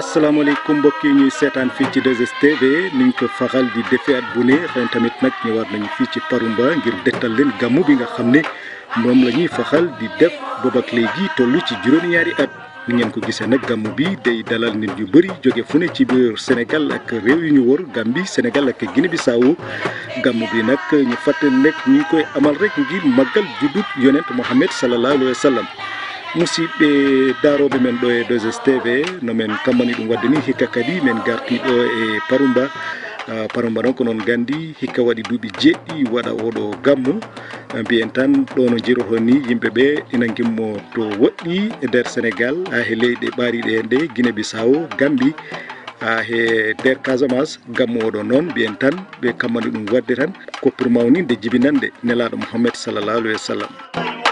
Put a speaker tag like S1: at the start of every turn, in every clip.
S1: asalaamaaleykum mbokk yi ñuy seetaan fii ci 2STV ni ko faral di defee at bu ne ren tamit nag ñëwaat nañu fii ci Paroumba ngir dëttal leen gàmmu bi nga xam ne moom la ñuy faral di def boobak léegi toll ci juróom-ñaari at ni ngeen ko gisee nag gàmmu bi dey dalal nit ñu bari jóge fu ne ci biir Sénégal ak réew yu ñu wër Gambie senegal ak Guinée Bissau gàmmu bi nag ñu fàtte nekk ñu koy amal rek ngir màggal juddut yonent Mohamed sallallahu alayhi musidɓe daroɓe men ɗo e 2 tv nomin kammani ɗum wadde ni hikka kadi min garti ɗo e parumba parumba noon ko noon gandi hikka waɗi duuɓi jeɗɗi waɗa oɗo gammu mbiyen tan ɗo no jiroto ni yimɓeɓe ina gimmo to woɗɗi e nder sénégal ha he leyɗe ɓaariɗe hen ɗe guine bisawo gambi oɗo noon mbiyen tan ɓe kammani ɗum wadde tan koppirma o nde jibinande nelaɗo mouhammed sallallahu alayhi wa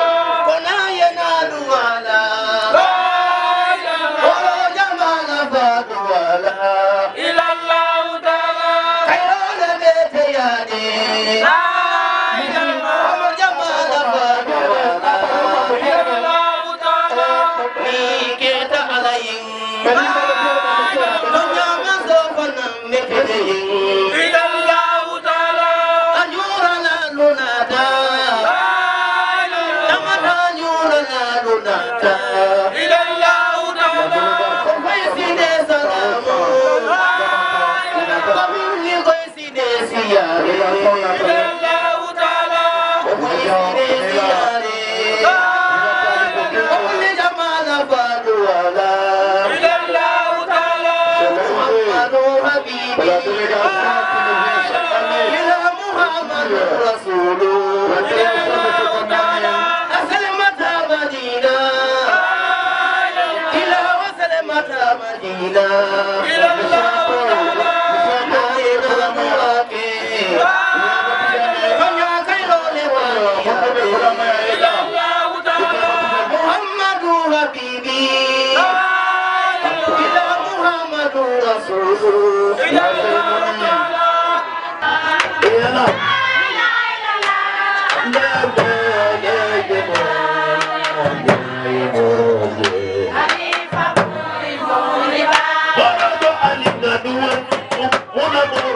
S2: Yeah.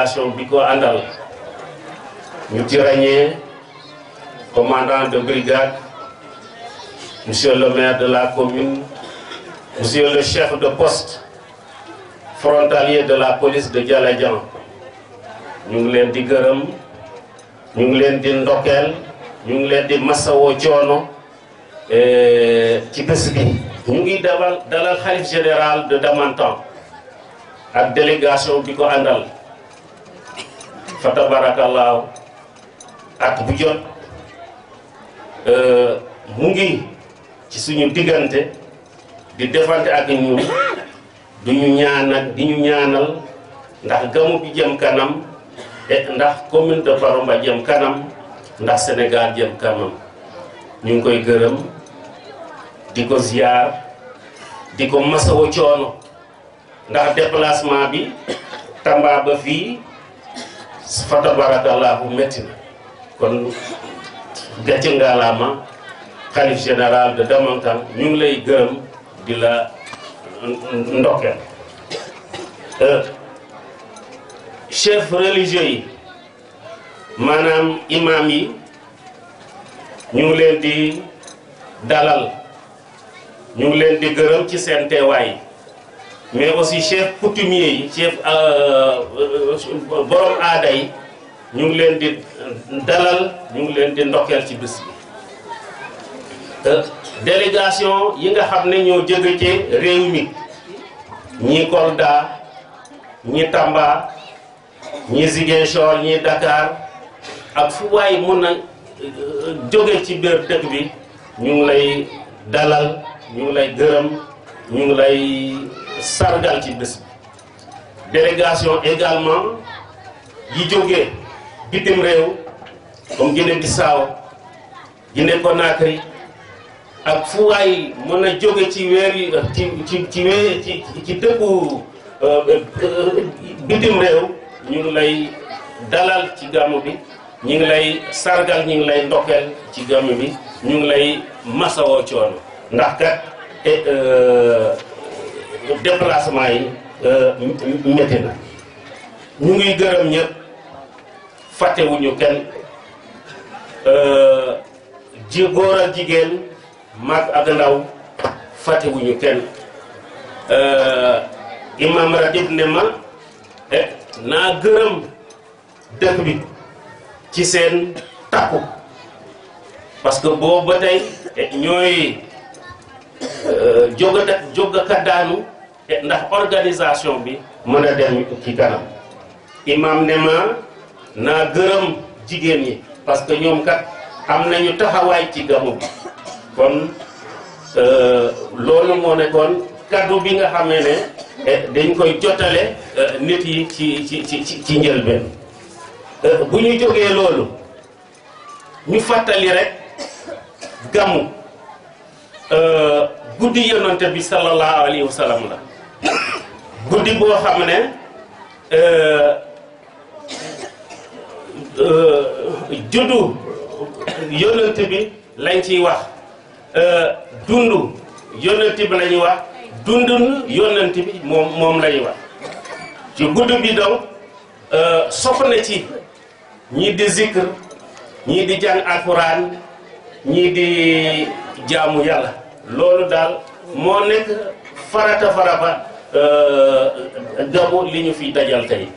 S3: délégation bi ko àndal ñu ci le maire de la commune le chef de poste frontalier de la police de Dialadian ñu ngi leen di gërëm ñu ngi leen di ndokkeel ñu ngi leen di masawoo coono eh, ci bés bi ñu ngi dalal dalal général de Damantan ak délégation bi ko àndal fa tabaarakallaahu at bu jot euh, mu ngi ci suñu diggante di defante ak ñun du ñu ñaanal di ñu ñaanal ndax gamu bi jëm kanam et ndax commune de jëm kanam ndax Sénégal jëm kanam ñu ngi koy gërëm di ko ziar di ko masawo coono ndax déplacement bi Tamba ba fii fa tabarakallahu métti na kon
S1: gàcce ngaalaama
S3: xalif général de Damankan ñu ngi lay gërëm di la ndokkeel euh, chef religieux yi maanaam imam yi ñu ngi leen di dalal ñu ngi leen di gërëm ci seen teewaay mais aussi chef coutumier yi chef euh, euh, borom aada yi ñu ngi leen di dalal ñu ngi leen di ndokkeel ci bés bi te yi nga xam ne ñoo jóge ci réew mi ñi Kolda tàmba Tamba ñi Ziguinchor ñi Dakar ak fu waay mun a euh, jóge ci biir dëkk bi ñu ngi lay dalal ñu ngi lay gërëm ñu ngi lay sargal ci bés bi délégation également yi jógee bitim réew comme Guinée Bissau Guinée Conakry ak fu waay mën a jóge ci weer yi ci ci ci wee dëkku euh, euh, bitim réew ñu ngi lay dalal ci gàmmu bi ñu ngi lay sargal ñu ngi lay ndokkeel ci gàmmu bi ñu ngi lay masawoo coono ndax kat eh, euh, déplacement yi euh, métti na ñu ngi gërëm ñëpp fàttewuñu kenn euh, ji góor jigéen mag ak ndaw fàttewuñu kenn euh, imam ratib ne ma eh, naa gërëm dëkk bi ci seen takku parce que boobu ba tey eh, ñooy jóg a jóg daanu te ndax organisation bi mën a dem ci kanam imam ne ma naa gërëm jigéen ñi parce que ñoom kat am nañu taxawaay ci gamu bi kon euh, loolu moo nekkoon kaddu bi nga xamee ne eh, dañ koy jotale euh, nit yi ci ci ci ci njëlbeen euh, bu ñu jógee loolu ñu fàttali rek gamu guddi yonante bi sallallahu alayhi wa la guddi boo xam ne euh, euh, juddu yonent bi lañ ci wax euh, dund yonent bi lañuy wax dundun yonent bi moom moom lañuy wax ci guddi bi donc sopp na ci ñii di zikr ñii di jàng alxuraan ñii di jaamu yàlla loolu daal moo nekk farata faraba gamu euh, li ñu fi dajal tey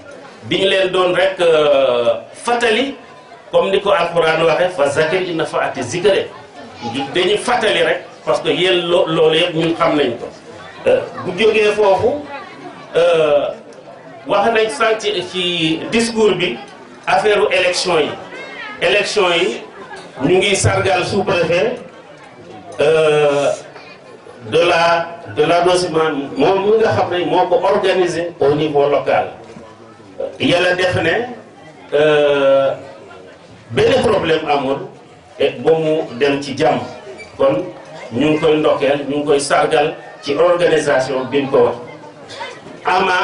S3: bi ñu leen doon rek euh, fàttali comme ni ko alxuraan waxe fa zakir inna fa ati zikare dañu fàttali rek parce que yéen loo loolu yëpp ñun xam nañ ko euh, bu jógee foofu wax nañ sànq ci discours bi affaire u élection yi élection yi ñu ngi sargal sous de la de l'annoncement moom mi nga xam ne moo ko organisé au niveau local yàlla def ne euh, benn problème amul et ba mu dem ci jàmm kon ñu ngi koy ndokkeel ñu ngi koy sargal ci organisation bi mu ko wax ama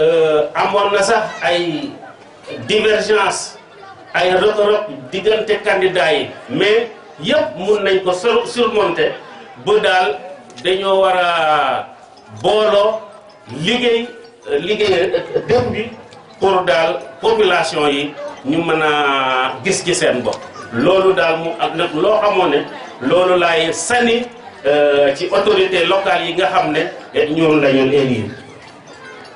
S3: euh, amoon na sax ay divergence ay rëq diggante candidat yi mais yëpp mun nañ ko surmonter ba daal dañoo war a booloo liggéey liggéey dém bi daal population yi ñu mën a gis ci seen bopp loolu daal mu ak nag loo xamoon ne loolu laay sani euh, ci autorité locale yi nga xam ne ñoom la ñu élire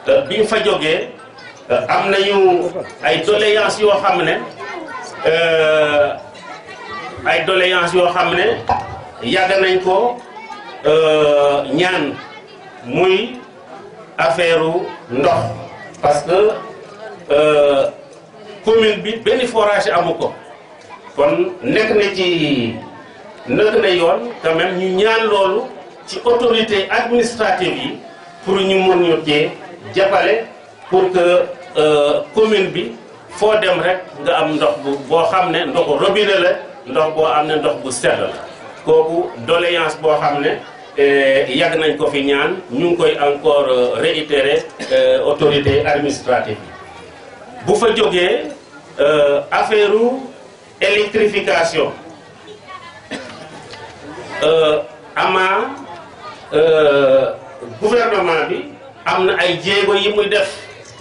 S3: euh, fa jógee euh, am nañu ay doléance yoo xam ne ay doléance yoo xam ne yàgg nañ ko Euh, ñaan muy affaire ndox parce que euh, commune bi benn forage amu ko kon nekk na ci nekk na yoon quand ñu ñaan loolu ci autorité administrative yi pour ñu mën ñu cee japale pour que euh, commune bi foo dem rek nga am ndox bu boo xam ne ndoxu robinet la ndox boo am ne ndox bu sell la kooku doléance boo xam ne Eh, yàgg nañ ko fi ñaan ñu ngi koy encore euh, réitérer euh, autorité administrative yi bu fa jógee euh, affaire électrification ama gouvernement bi am na ay jéego yi muy def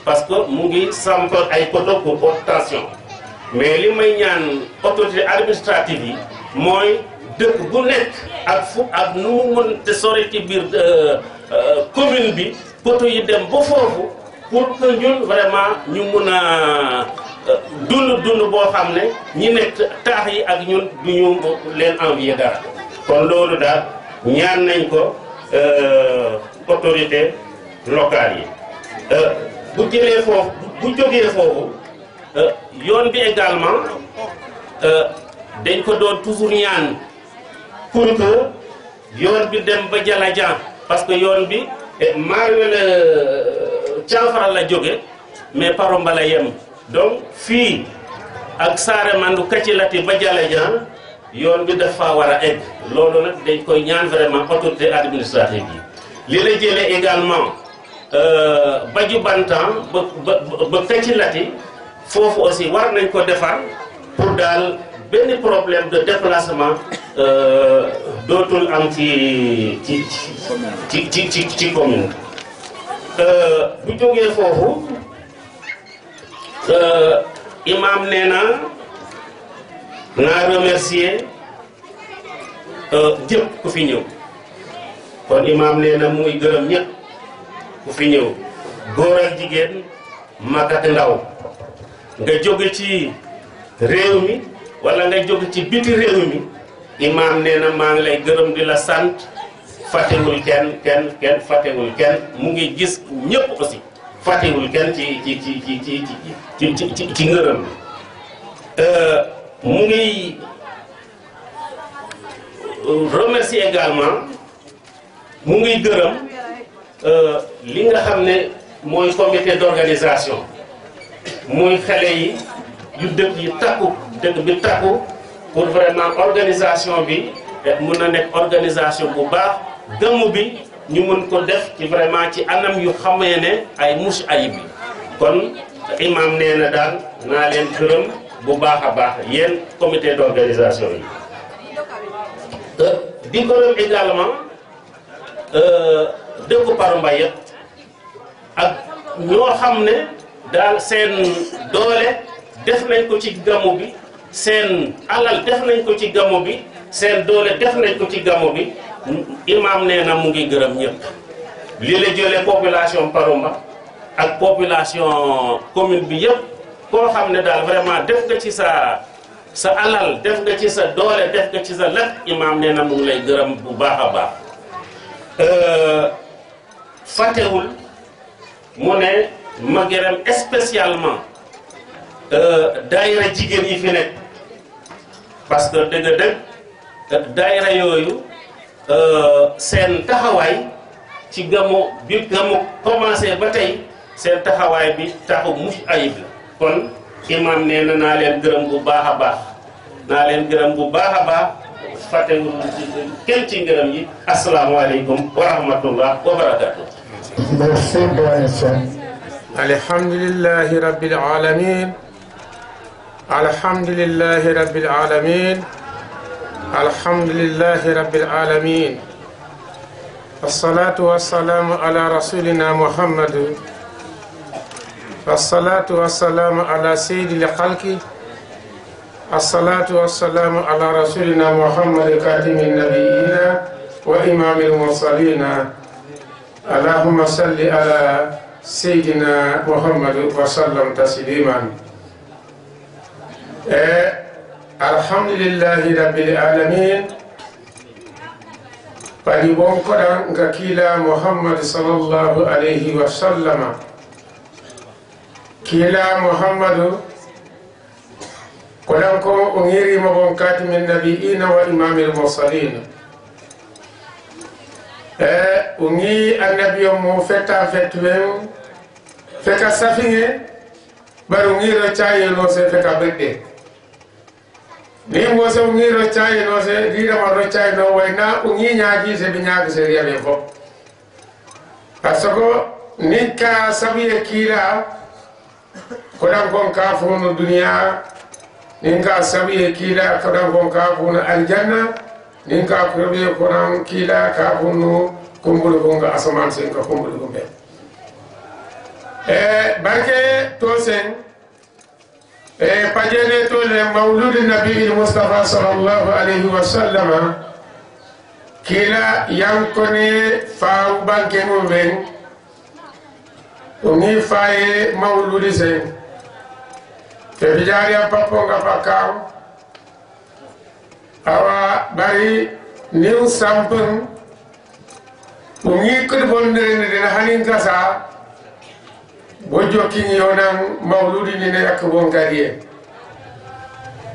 S3: parce que mu ngi samp ay poto pour mais li may ñaan autorité administrative yi mooy dëkk bu nekk ak fu ak nu mu mën te sori ci biir euh, euh, commune bi poto yi dem ba foofu pour que ñun vraiment ñu mun a euh, dund dund boo xam ne ñi nekk taax yi ak ñun du ñu leen envier dara. kon loolu daal ñaan nañ ko autorité locale yi bu jëlee foofu bu jógee foofu yoon bi également dañ ko doon toujours ñaan. pour yoon bi dem ba jala jaan parce que yoon bi eh, maarwela euh, caafara la jóge mais paromba la yem donc fii ak saare mandu kacilati ba jala yoon bi def war a egg loolu nag dañ koy ñaan vraiment autorité administrative yi li la jëlee également euh, ba jubantan ba ba ba foofu aussi war nañ ko defar pour daal benn problème de déplacement euh, dootul am ci ci ci ci ci ci commune euh, bu jógee foofu euh, imam nee na naa remercier jëpp ku fi ñëw kon imam nee na muy gërëm ñëpp ku fi ñëw góor jigéen mag ak ndaw nga jóge ci réew mi wala nga jóg ci biti réew mi imaam nee maa ngi lay gërëm di la sant fàttewul kenn kenn kenn fàttewul kenn mu ngi gis ñëpp aussi fàttewul kenn ci ci ci ci ci ci ci euh, mu ngi euh, remercier également mu ngi gërëm euh, li nga xam ne mooy comité d'organisation muy xale yi yu dëkk yi takku. dëgg bi takku pour vraiment organisation bi mun na nekk organisation bu baax gëmm bi ñu mën ko def ci vraiment ci anam yu xamee ne ay mucc ayib yi kon imam nee na daal naa leen gërëm bu baax a baax yéen comité d'organisation yi. Euh, di gërëm également euh, dëkku Paroumba yëpp ak ñoo xam ne daal seen doole def nañ ko ci gàmmu bi. seen alal def nañ ko ci gamo bi seen doole def nañ ko ci gamo bi imaam nee na mu ngi gërëm ñëpp lii la jëlee population Paroumba ak population commune bi yëpp koo xam ne daal vraiment def nga ci sa sa alal def nga ci sa doole def nga ci sa lépp imaam nee na mu ngi lay gërëm bu baax a baax euh, fàttewul mu ne ma gërëm spécialement euh, daayira jigéen yi fi nekk parce que dëgg-dëgg daayira yooyu euh, seen taxawaay ci gamu bi gamu commencé ba tey seen taxawaay bi taxu mucc ayib la kon imam nee na naa leen gërëm bu baax a naa leen gërëm bu baax a baax fàttewul kenn ci
S4: gërëm yi asalaamaaleykum wa rahmatullah wa barakatu merci alhamdulillahi rabbil الحمد لله رب العالمين الحمد لله رب العالمين الصلاة والسلام على رسولنا محمد الصلاة والسلام على سيد الخلق الصلاة والسلام على رسولنا محمد خاتم النبيين وإمام المرسلين اللهم صل على سيدنا محمد وسلم تسليما e alhamdulillahi rabbil alamin pali wonkoɗa nga kiila mouhammad sallllahu alayhi wa sallama kiila mouhammadu koɗan ko o ŋirima won katimin nabiina wa imamil mursalina e o ŋi annabi mo fetta fettu ɓen feka safiŋe ɓaro ŋiro cayelo se feka ɓeɗɗe min wo so ngi roccayino se wiidama roccayno wayna ko ñiñaaji se ɓe ñaaki se riyaɓe fof par ce que nin ka sabuye kiila koɗan kon ka fuuno duniya nin ka sabuye kiila koɗan kon ka fuuno aljanna nin ka kurɓe konan kiila ka fuuno kumbuɗo gonga asaman sen ka kumbuɗo gumɓe e eh, banke to sen e paƴene tole mawlude nabiil moustapha sallllahu alayhi wa sallama kila yankone faw banke mum ɓen ɗum ni faye mawlude sen to rijariya papponga fakkam awa ɓari nin sampun ɗum ni kod bondirene den hanin gasa moƴƴotin yonan mawludi ndine yakka bonkadi en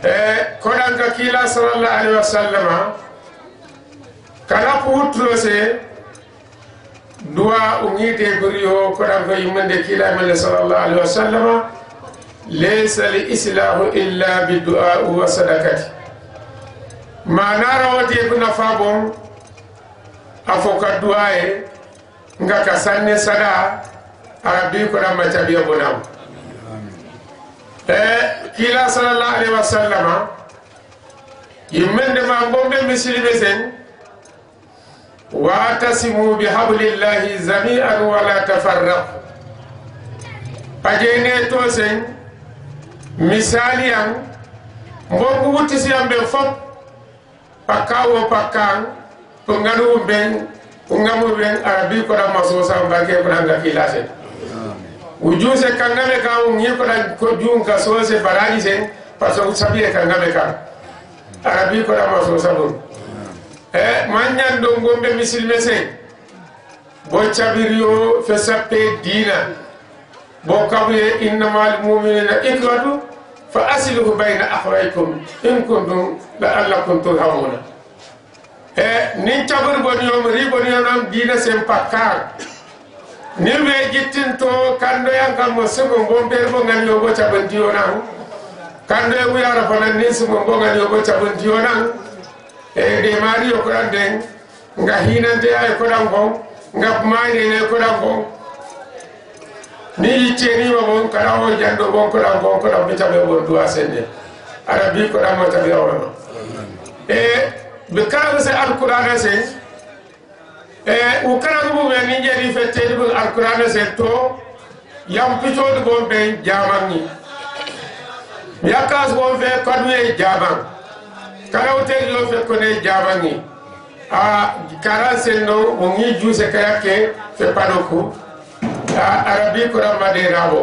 S4: e koɗan ka kiila sallallah alayhi wa sallama kala ko huttulose duwa o ŋiite gori o koɗan ko yimmande kiilamelle sallallah alayhi wa sallama laysa l islahu illa bi du'au wa sadakati ma narawoti ko nafa bon a fo ka duwa e nga ka sanne sada adui kuna matabia mwanangu eh kila sallallahu alaihi wasallama ah. yimmende ma gombe misilime sen watasimu bihablillahi jami'an wala tafarraqu pajene to sen misali an mbongu wutisi am ɓe fop pakka wo pakkan ko nganu ɓen ko ngamu ɓen arabi koɗa masosa mbake koɗa ngakila sen o juuse kanname kan o ñirkoɗa ko juum ka soose baraji sen par ce que sabiye kanname kan arabi koɗama sosa ɗum e eh, mañan ɗo gomɓe misilme sen bo cabirio fe sappe diina bo kabuye innamal muminina ikwatu fa aslihu bayna ahraykum in kuntum laallakum turhamuna e nin cabiri boniyoom ri boniyonom diina sen pakkar nirɓe ƴettinto kandoyankal mo sugo mbo e, mbeer mo nganyo bo caɓon diyonan kandoye wiyara fanan ni sugo mbo nganyo bo caɓon diyonan e ɗe maari yo koɗan nden nga hinandeya e koɗan kon nga mayrene e koɗan kon ni yiccenima bon kala o janɗo bon koɗan kon koɗan mi caɓe won duwa senne aɗa bi koɗan mo caɓe ono e ɓe kala se alqouran se e eh, ukara mumen ni jeeri fetteede ɗum alkurana sen to yampitoode gon ɓen jaman ni yakkas gon fe kadume e jaman kalawteɗi yo fekkone jaman ni a karan sen ɗo mo gi juuse kayakke feppano ku a arabi kuranmade raabo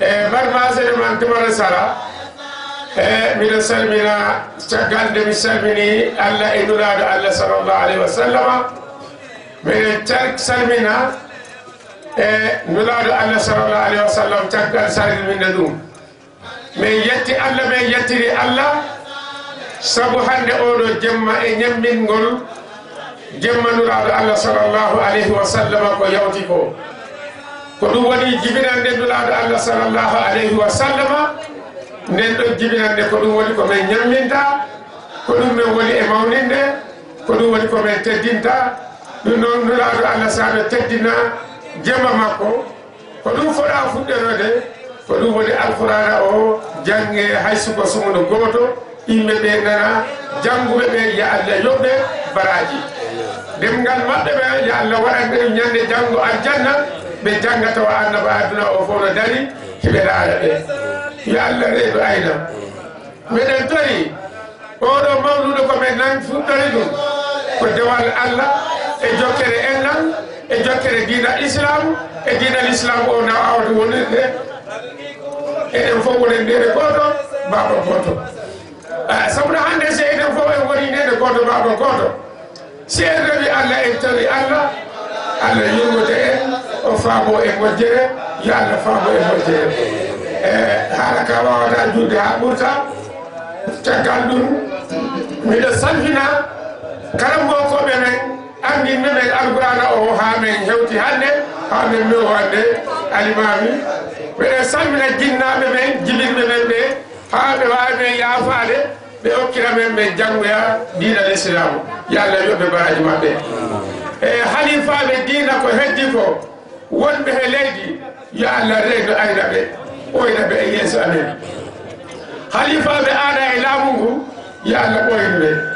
S4: e marmasere man tumara sara e miɗo salmina caggal nde mi salmini allah e nuraɗo allah sallllahu alayhi wa minen salmina e allah sallallah alayhi wa sallam caggal ɗum min yetti allah min yettiri allah sabu hannde oɗo jemma e ñamminngol jemma nulaaɗo allah sallllahu alayhi wa ko yawti ko ko woni jibinande nulaaɗo allah sallllahu alayhi wa nden ɗon jibinande ko woni ko min ñamminta ko ɗum woni e mawninde ko woni ko min teddinta nunaaɗo allah saaɗo teddina jema makko ko ɗum foɗa fuɗɗerode ko ɗum woni alqurana o jangge hay suko gooto yimɓe ɓe nana jannguɓe ɓe yo allah yoɓɓe baraji demgal maɓɓe ɓe yo allah waɗanɓe ñande janngo aljanna ɓe jannga tawa annaba aduna o fof no dari heɓe laara ɓe yo allah reeɗo ayna meɗen tori oɗo mawnude ko ɓe nan ɗum ko dewal allah e jokkere enɗal e jokkere diina islam e diinal islam o na wonirde eɗen fof wonen ndere goto mbaɗo ah, sabuna hannde so eɗen fof en woni ndede goto mbaɗo goto si en rewi allah en tawi allah allah yurmude en o faamo e moƴƴere yo allah faamo e moƴƴere e haala ka wawata juude ɓurta caggal ɗum miɗo salfina kala gokoɓe men andinde men alqurana o haamen hewti hannde haamen lowande alimami mbeɗen salmina jinnaɓe men jibinɓe men ɓe haa ɓe wawimen yaafade ɓe hokkira men ɓe janngoya diina l' islamu yo allah yoɓɓe baraji maɓɓe e diina ko heddi ko wonɓe he leydi yo allah reydo ayna ɓe e yeeso amen halifaɓe aada e laamu ngu yo allah ɓoyna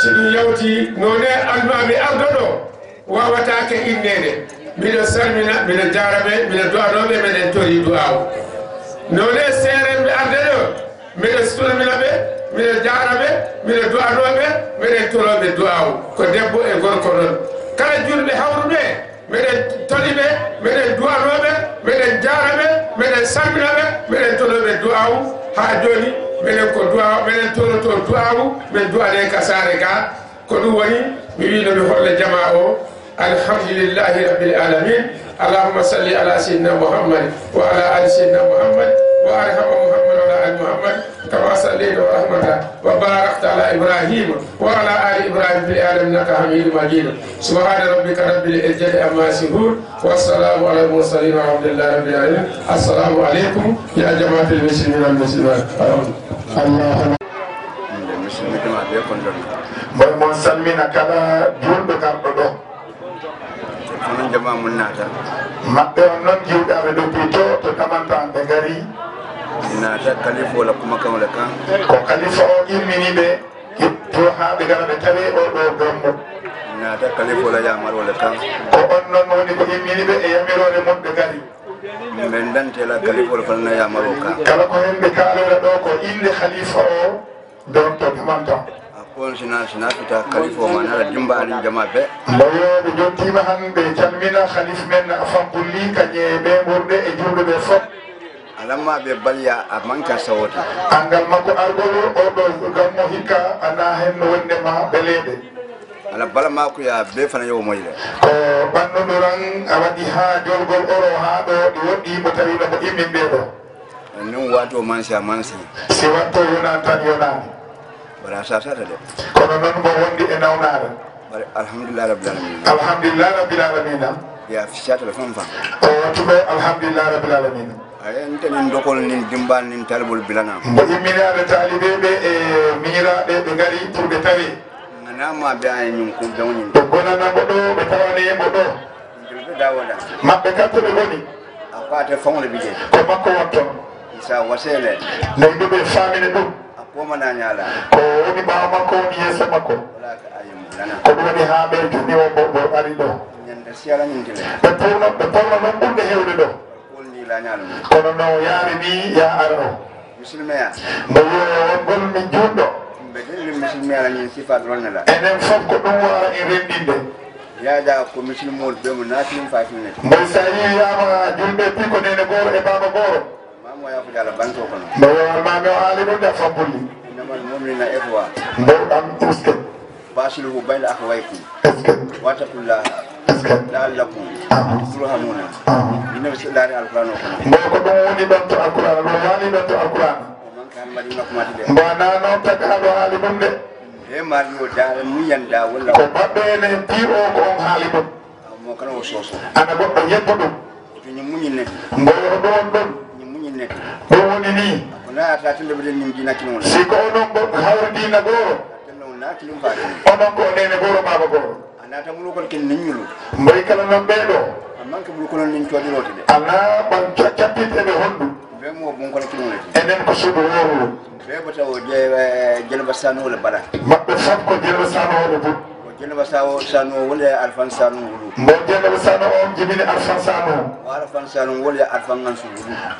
S4: si ɗum yawti none almami arɗo ɗo wawatake innede mbiɗo salmina mbiɗo jaraɓe mbiɗo duwanoɓe meɗen tori duwaw none seerenɓe arde ɗo mbiɗo salminaɓe mbiɗo jaraɓe mbiɗo duwanoɓe meɗen toroɓe duwaw ko debbo e gorko noon kala julɓe hawruɓe meɗen toliɓe meɗen duwanoɓe meɗen jaraɓe meɗen salminaɓe meɗen toroɓe duwaw ha joni minen ko duwa minen tono toon duwawu min duwanen ka saare ga ko ɗum woni mi wino mi holla jama o alhamdulillahi rabbil alamin allahumma salli ala seydina mouhammad wa ala ali seydina mouhammad wa arhama mouhammad wala ali mouhammad كما صليت ورحمة وباركت على إبراهيم وعلى آل إبراهيم في العالمين إنك حميد مجيد سبحان ربك رب العزة عما يصفون والسلام على المرسلين والحمد لله رب العالمين السلام عليكم يا جماعة المسلمين والمسلمات الله moy mon salmina kala
S5: julɓe garɗo ɗo onon jama mum naata maɓɓe on noon
S4: jiwɗaɓe ɗo pito to tamanto an ɓe gari
S5: naata kalifo la le kaŋ
S4: ko kalifo o immini ɓe to haa ɓe gara ɓe tawi o ɗo gombo
S5: naata kalifo la yamaroo ko
S4: on noon woni ko immini ɓe e yamirore mum ɓe gari
S5: min dantela kalifo na yamaroo kaŋ kala ko hen ɓe ɗo ko inde halifa o don to ɗumantan on sina sina fita kalifo ma nara jumba anin jama be
S4: mboyo ɓe jontima han men fankulli kañe
S5: ɓe ɓurde e julɓe ɓe fof alammaɓe balya a manka sawote angal makko
S4: argolu oɗo gammo hikka ana hen wondema beleɗe
S5: ala bala makuya be fana yewo moyle ko
S4: ɓannuɗo ran a waɗi ha jolgol oro ha ɗo ɗi woɗɗi mo tawino mo immin ɓe ɗo eh,
S5: nin wato mansi a mansi si watto
S4: yona tan yonani
S5: bara sasata de
S4: kono noon mo wondi e nawnare
S5: bare alhamdulillah rabbil alamina alhamdulillah rabbil alamina ya ficatala fan fan o wattuɓe alhamdulillah rabbil alamina ayen temin dokol nin dimbal nin talibol bilanam o imminaɓe talibeɓe e miñiraɓe ɓe gaari pour ɓe tawi ganama ɓe aye ñum ɓe ɗo ɓe tawane yemo maɓɓe kamɓe ɓe goni a fate fongle bije ko makko wonto sa wasele non ɗo ɓe famine ɗum a komana ñala ko woni ɓawa makko woni yeeso makko ko ɗum waɗi ha ɓe juɗɗi o ɓo ari ɗo ñande siyala ñintile ɓe ɓe tawno noon ɓurde hewde ɗo kono noon yaami ni ya arano musilmeya mbo wiyoyo wongonmi juutɗo ɓe telli musilme ala ñin sifa ɗonneɗa enen fof ko ɗum wara e renndinde yaada ko musilmuol ɓe mo naatiɗum fatimine mboy sa yi yama julɓe pi ko nene gooro e baaba gooro mamo yafude ala banto kono mbo wowal mami o haali ɗum ɗa fabbulli innamal mumnina efowa mbo am uske surhamuna ina so laari alqur'an o kono nde ko ɗum woni ɗon to alqur'an ɗum wani ɗon to alqur'an mbanano taka haɗo haali ɗum de e maari o daara muyanda walla ko baɓɓe
S4: ene mbi o ko on haali ɗum mo kana o soso ana goɗɗo yebbo ɗum toño muñinne mboyo ɗon ɗum ño muñinne ɗum woni ni ko naata telle ɓeɗen min
S5: dinakino siko onon hawridina gooro onon ko onene gooro baba gooro nata mulukol ken niñulu mbayi kala nan ɓee ɗo amanke mulukolon nin coɗiroti de ala ɓan caccatiteɓe honɗu ɓe mo bunkol kinoleti enen ko suɗo worulu ɓe bota o eh, eh, jelba sanole baɗa maɓɓe fof ko jelba sanole bud jelba sawo sano wole alfan sano wulu mbo jelba sano on jibini alfan sano o alfan sano wole alfan gansu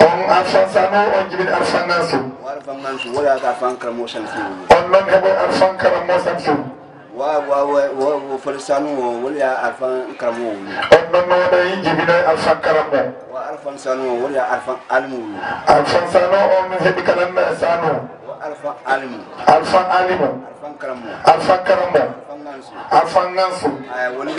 S4: on alfan sano on jibini alfan gansu o alfan on noon heɓo
S5: alfan karamo sansu wawa falisanu wol ya arfan karamo wulu on noon no waɗa jibina arfan karamo wa arfan sanu wol ya arfan alimu wulu arfan sanu on heɓi kalan sanu wa arfan alimu arfan alimu arfan karamo arfan karamo arfan gansu aya woni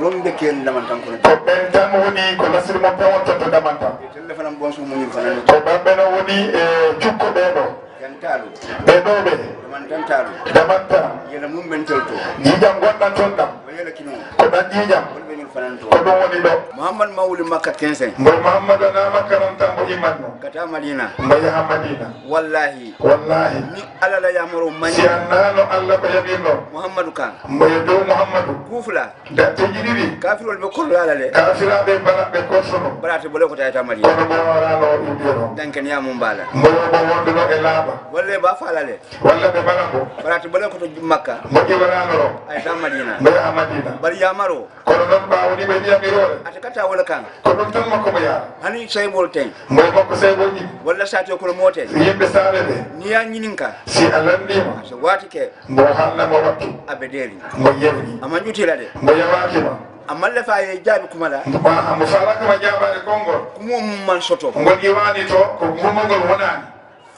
S5: rom de ken damantan kono ko ɓen tan woni ko lasiri mo pewon tonto damanta telle fanan bonsu muñum fanan ko ɓen ɓeno woni e cukkoɓeɗo tantaalu ɓeɗoɓe ɗuman tantalu damanta yela mum ɓen tolto yiijam gonɗan ton ɗam o yela kino ko ɗan yiijam wonɓe ñol fananto ko ɗum woni ɗo mouhammad mawli makka 15 mbo mouhammad ana makka non tan mbo immatno kata madina mbo yaha madina wallahi wallahi ni alala yamoro mañ si annano allah ko yaɓinno mouhammadou kan mboyo dow mouhammadou kuufla datteji ɗiɗi kafirol ɓe kollo ala le kafiraɓe balaɓe korsono balate bole ko tawata madina kono mo warano ɗum ɗiro danken yamum mbala mboyo mo wonduno waɗe laaɓa golle ba walla ɓe mbaɗa ko mbaɗate mbaɗa koto makka moƴƴi waɗanoro ay tan madina mbaɗa madina mbaɗa yamaro kono noon mbawni ɓe ndiyam yoore ata katta wala kan ko ɗum tan makko mo yaara hani saybol ten moy makko saybol ɗi walla sati o kono motel yimɓe saare ɓe niya ñinin si a landima so waati ke mbo hannamo wattu aɓe deeri mo yewni ama jutila de mbo amma lefa ye jaabi kuma la mo falakama jaabade konngol kumo mum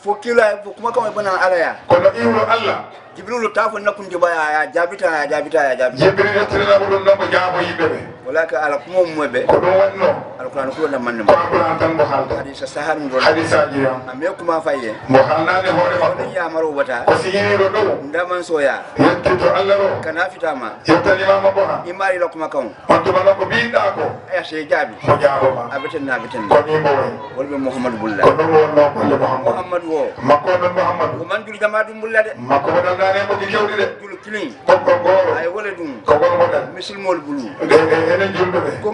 S5: fo kila fo kuma kama bana alaya kono iwlo allah jibrilu tafani nakkunde ɓaya ya jaabita ya jaabita ya jaabita jibril yettinanamo ɗum ɗon ko jaabo yimɓe ɓe walaka ala kuma mumoy ɓe ko ɗum wanno alqouran ko ɗam manne mo alqouran tan mo haalda hadisa saha ɗum ɗon hadisaji yam amme kuma faye mo haalnani hoore makko ɗon yamaro wata o siñiriɗo ɗow ndaman soya yettito allah ɗo kana fitama yettanimama bo ha imari lokkuma kan on tumano ko mbiyinɗa ko ayase jaabi mo jaaboma abetenna abetenna ko mimo way wolɓe mouhamadou bulla ko ɗum wonno kolle mouhamadou mouhamadou o makko ɗon mouhamadou ko manjuri jama ɗum bulla de makko waɗalna naane moƴƴi kewɗi ɗe dulo kiliŋ kokko gooro ay wala ko gon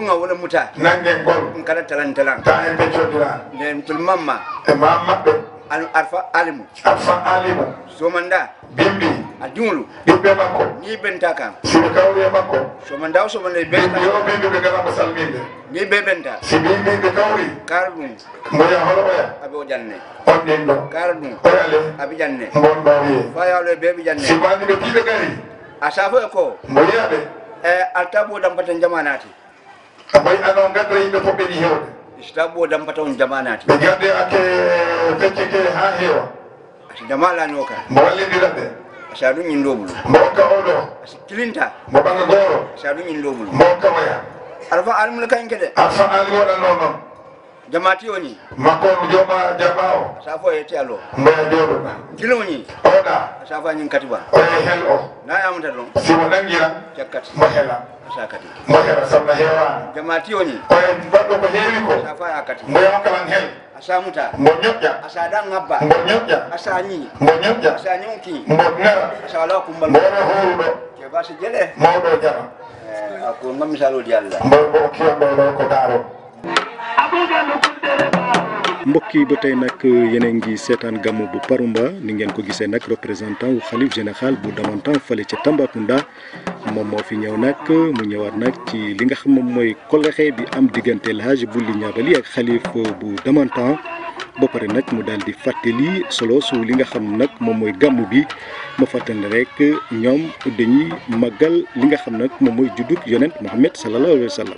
S5: goɗen muta nangue gol ɗum talan talan ta en ɓe coddira nden mamma e ma maɓɓe alfa alimu alfa alimu somanda bimbi aduŋolu ɗi ɓe makko ni benta kan simi kawruye makko somo ndaw somo ley benta yo ɓeɓe ɓe galama salminde ni ɓe benta simi ɓiɓe kawri kara ɗum moya holomoya aɓe o janne on ɗen ɗo kara ɗum oyale aɓe janne gon mbawiye fayalo e ɓeɓe janne simani ɓe kiɓe gari a safo e ko moyaɓe e altabo dampata jamanati abayi ano gadda yimɓe fof ɓeɗi hewde sitabo dampata on jamanati ɓe gadde ake fecceke ha heewa ati dama lani o kan mo wallidiraɓe asaɗum ñin lobulu mokka oɗo kilinta mo ɓaga gooro asaɗum ñin lobulu mokka waya aɗa fa alimul kañke de a fa ali waɗanno noon jamati o ni makko joma jama o sa fo yete alo mboya joɗoɗa kilo ni oɗa sa fa ñin katiba oye hel o na yamuta ɗon simo nangira jakkat mo hela sa kati mo hela sabna hewani jamati o ni oye mbaɗɗo ko heewi ko sa fa ya kati mboya kalan hel asa muta mbo nyokya asa da ngabba mbo nyokya asa nyi mbo nyokya asa nyonki mbo ngara asa eh, la kumbal mbo na hulu ke basi jele mbo do jara aku ngam salu di Allah mbo ko kiyo mbo
S1: mbokk yi ba tey nag euh, yéen a ngi seetaan gàmmu bu Paroumba ni ngeen ko gisee nag représentant wu xalif général bu Damantan fale ca Tambacounda moom moo fi ñëw nag mu ñëwaat nag ci li nga xam moom mooy kolexe bi am diggante El Hadj Bouly Coulibaly ak xalif bu Damantan ba pare nag mu daal di fàttali solo suuf li nga xam nag moom mooy gàmmu bi ma fàttali rek ñoom dañuy màggal li nga xam nag moom mooy juddug yonent Muhammad sallallahu alayhi wa sallam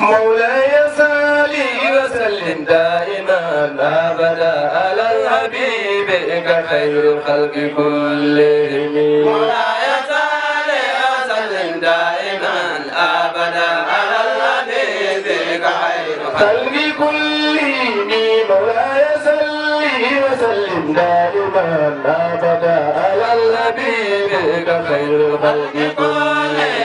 S2: مولاي صلي وسلم دائما ابدا على الحبيب خير الخلق كلهم مولاي صلي وسلم دائما ابدا على الحبيب خير الخلق كلهم مولاي صلي وسلم دائما ابدا على الحبيب خير الخلق كلهم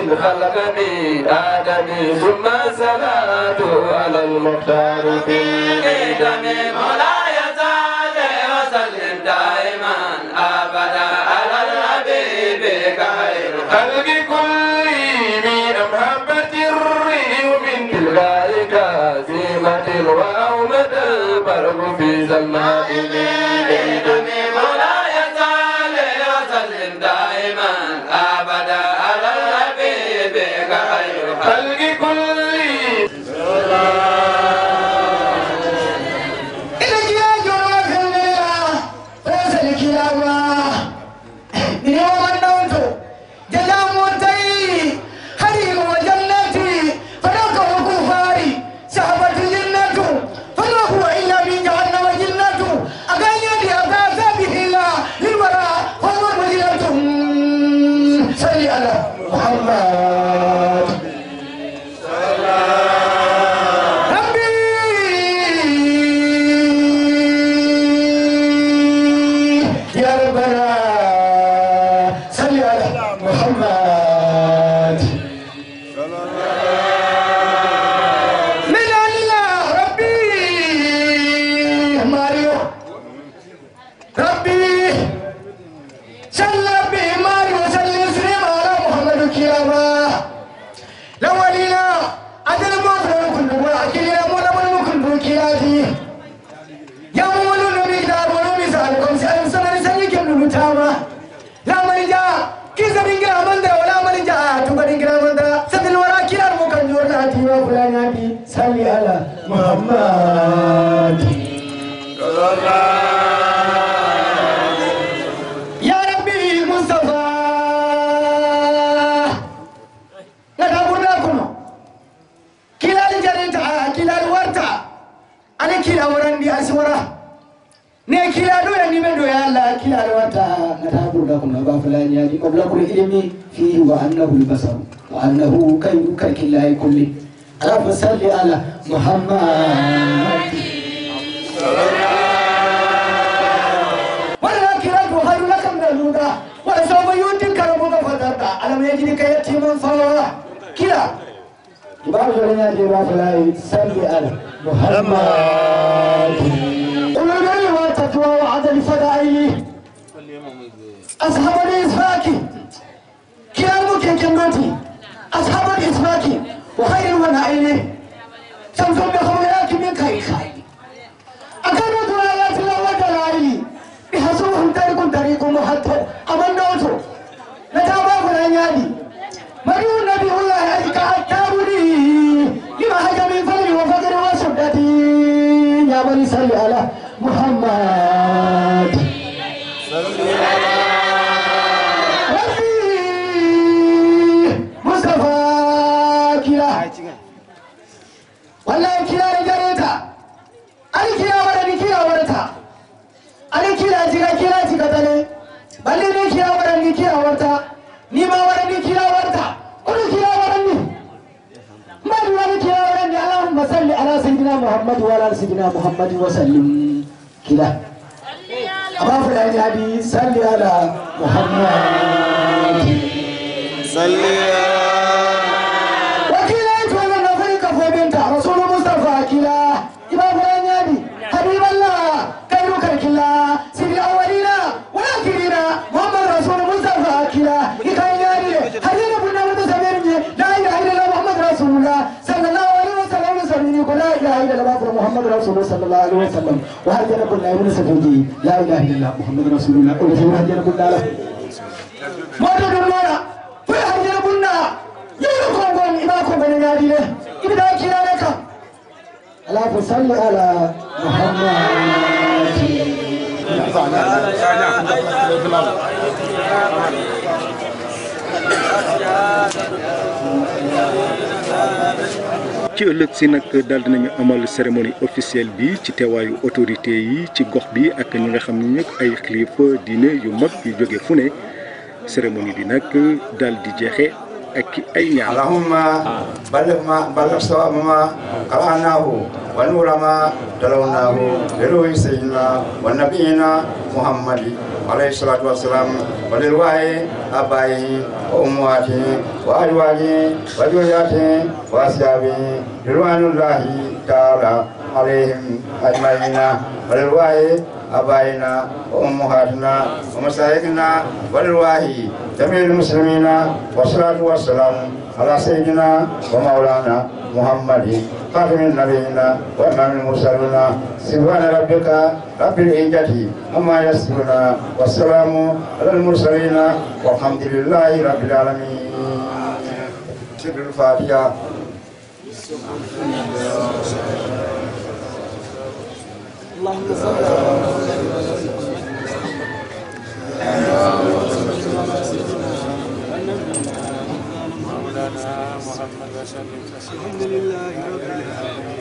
S2: الخلق بآدم ثم صلاة على المختار في القدم مولاي زاد وسلم دائما أبدا على الحبيب خير خلق كل من محبة الريم من تلقائك زيمة وأومد البرق في زلمائه lawalina adana mo fana kun du wala akilina mo la mo kun du kilati ya mo mo no mi da mo no mi sa ko si an sanar san yake mu tama la marija kisa dinga amanda wala marija to ga dinga amanda sadin wala kirar mo kan jorna ti wa fulani abi salli ala muhammad
S1: sallallahu
S2: يالا كلا الوتا نتاب لكم أبا فلان يادي قبل كل علم فيه وأنه البصر وأنه كي كيك الله كله اللهم صل على محمد ولكنك خير لك من الهدى ولسوف يؤتيك ربك فترضى ألم يجدك يتيما فغوى كلا يبارك لنا يا فلان صل على محمد ashabul isfaki kiyamu keken mati ashabul isfaki wa khairul wana aine samsun محمد وعلى سيدنا محمد وسلم كلا رافع الحديث صلي على محمد صلي sallallahu alaihi wa sallam waxal jërëjëf Boundaay mu ne sa bopp ji laa ilaaha illallah muhammadu rasulullah moo tax ɗum noona koye harjere bunna yeeru kongon ima kongone ñaadine ibida kirare kam ala fo salli ala
S3: muhammad
S1: ci ëllëg si nag daal nañu amal cérémonie officielle bi ci teewaayu autorité yi ci gox bi ak ñi nga xam ne ñëpp ay kilifa diine yu mag yu jóge fu ne cérémonie bi nag daal di jeexe أي اللهم بلغ
S5: ما بلغ سواء ما قرأناه ونور ما تلوناه لروح سيدنا ونبينا محمد عليه الصلاة والسلام وللوعي أبائه وأمواته وأزواجه وذرياته وأصحابه رضوان الله تعالى عليهم أجمعين وللوعي أبائنا وأمهاتنا ومشايخنا والواهي جميع المسلمين والصلاة والسلام على سيدنا ومولانا محمد خاتم النبيين وإمام المرسلين سبحان ربك رب العزة عما يصفون والسلام على المرسلين والحمد لله رب العالمين سر الفاتحة
S2: اللهم صل على محمد وعلى
S4: محمد وسلم الحمد لله رب العالمين